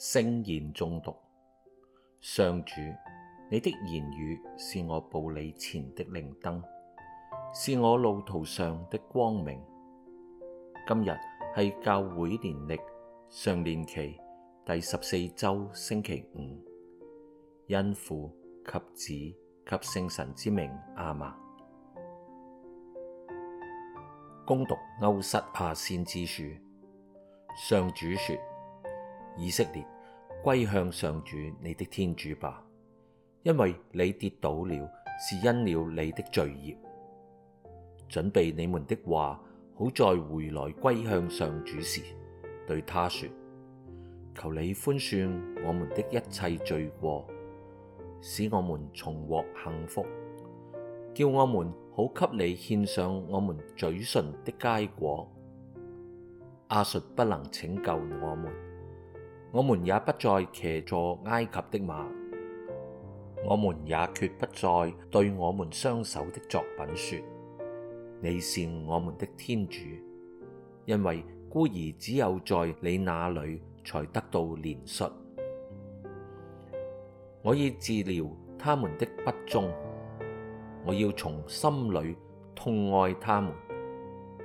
聖言誦讀，上主，你的言語是我步履前的靈燈，是我路途上的光明。今日係教會年曆常年期第十四周星期五，因父及子及聖神之名亞孟，恭讀歐瑟亞先知書，上主說。以色列歸向上主你的天主吧，因為你跌倒了，是因了你的罪孽。準備你們的話，好在回來歸向上主時對他說：求你寬恕我們的一切罪過，使我們重獲幸福，叫我們好給你獻上我們嘴唇的佳果。亞述不能拯救我們。我們也不再騎坐埃及的馬，我們也決不再對我們雙手的作品説：你是我們的天主，因為孤兒只有在你那裏才得到憐恤。我要治療他們的不忠，我要從心裏疼愛他們，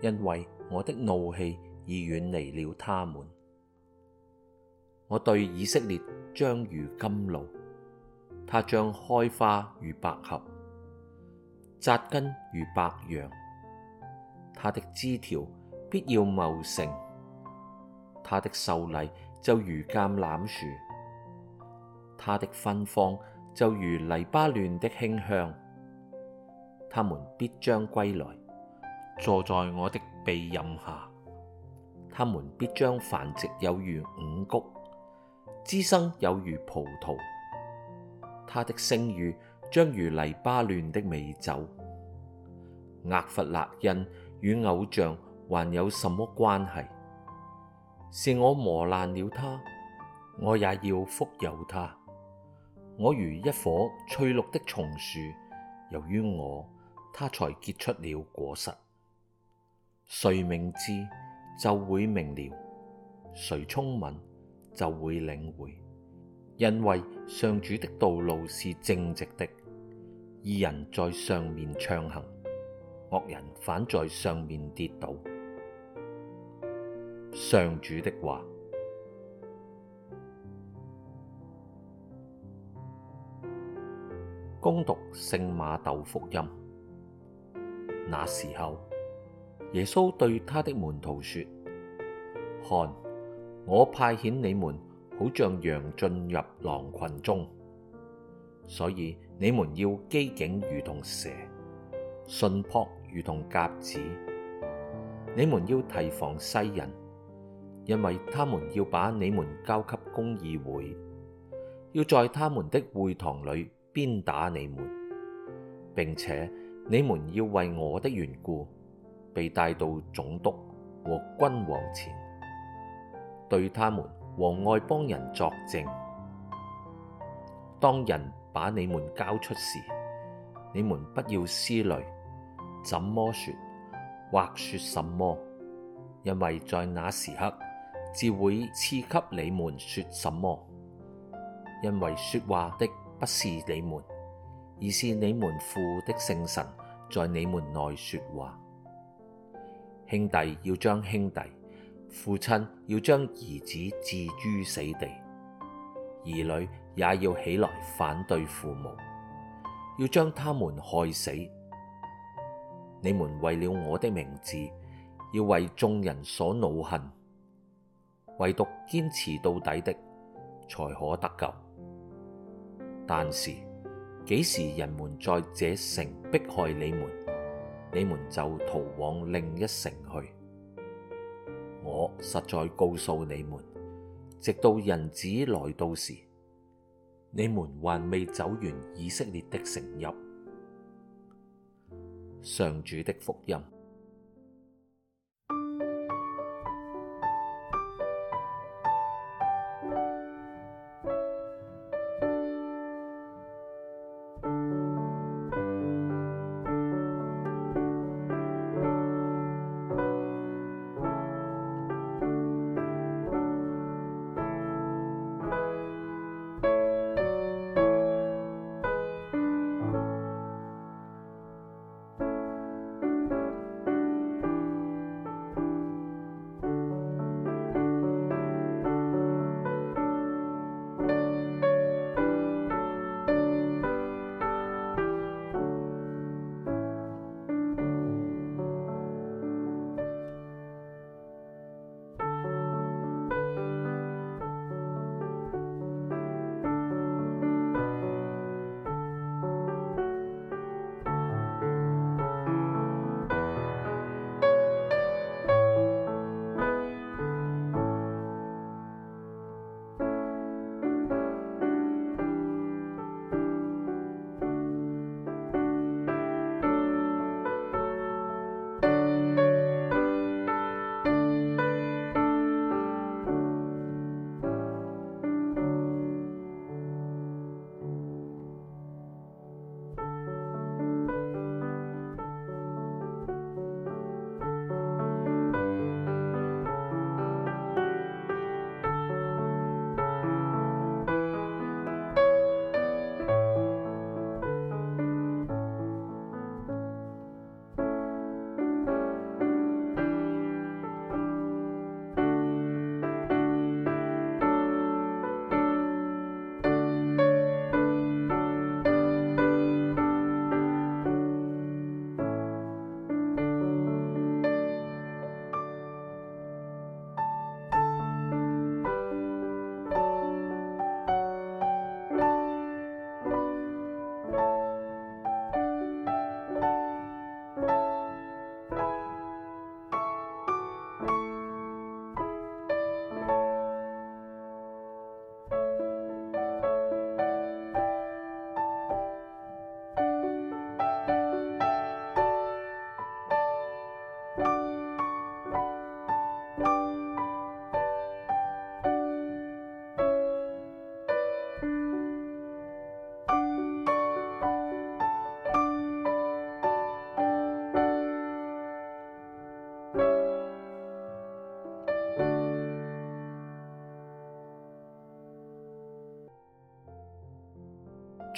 因為我的怒氣已遠離了他們。我對以色列將如甘露，他將開花如百合，扎根如白楊。他的枝條必要茂盛，他的秀麗就如橄欖樹，他的芬芳就如黎巴嫩的馨香。他們必將歸來，坐在我的庇蔭下，他們必將繁殖有如五穀。滋生有如葡萄，它的聲譽將如黎巴嫩的美酒。厄弗辣因與偶像還有什麼關係？是我磨難了他，我也要福佑他。我如一棵翠綠的松樹，由於我，他才結出了果實。誰明智就會明了；誰聰敏，就會領會，因為上主的道路是正直的，義人在上面暢行，惡人反在上面跌倒。上主的話，恭讀聖瑪竇福音。那時候，耶穌對他的門徒説：看。我派遣你們，好像羊進入狼群中，所以你們要機警如同蛇，純樸如同鴿子。你們要提防世人，因為他們要把你們交給公議會，要在他們的會堂裏鞭打你們，並且你們要為我的緣故，被帶到總督和君王前。對他們和外邦人作證。當人把你們交出時，你們不要思慮，怎麼說，或說什麼，因為在那時刻，自會賜給你們說什麼。因為說話的不是你們，而是你們父的聖神在你們內說話。兄弟要將兄弟。父親要將兒子置於死地，兒女也要起來反對父母，要將他們害死。你們為了我的名字，要為眾人所惱恨，唯獨堅持到底的，才可得救。但是幾時人們在這城迫害你們，你們就逃往另一城去。我實在告訴你們，直到人子來到時，你們還未走完以色列的城邑。—上主的福音。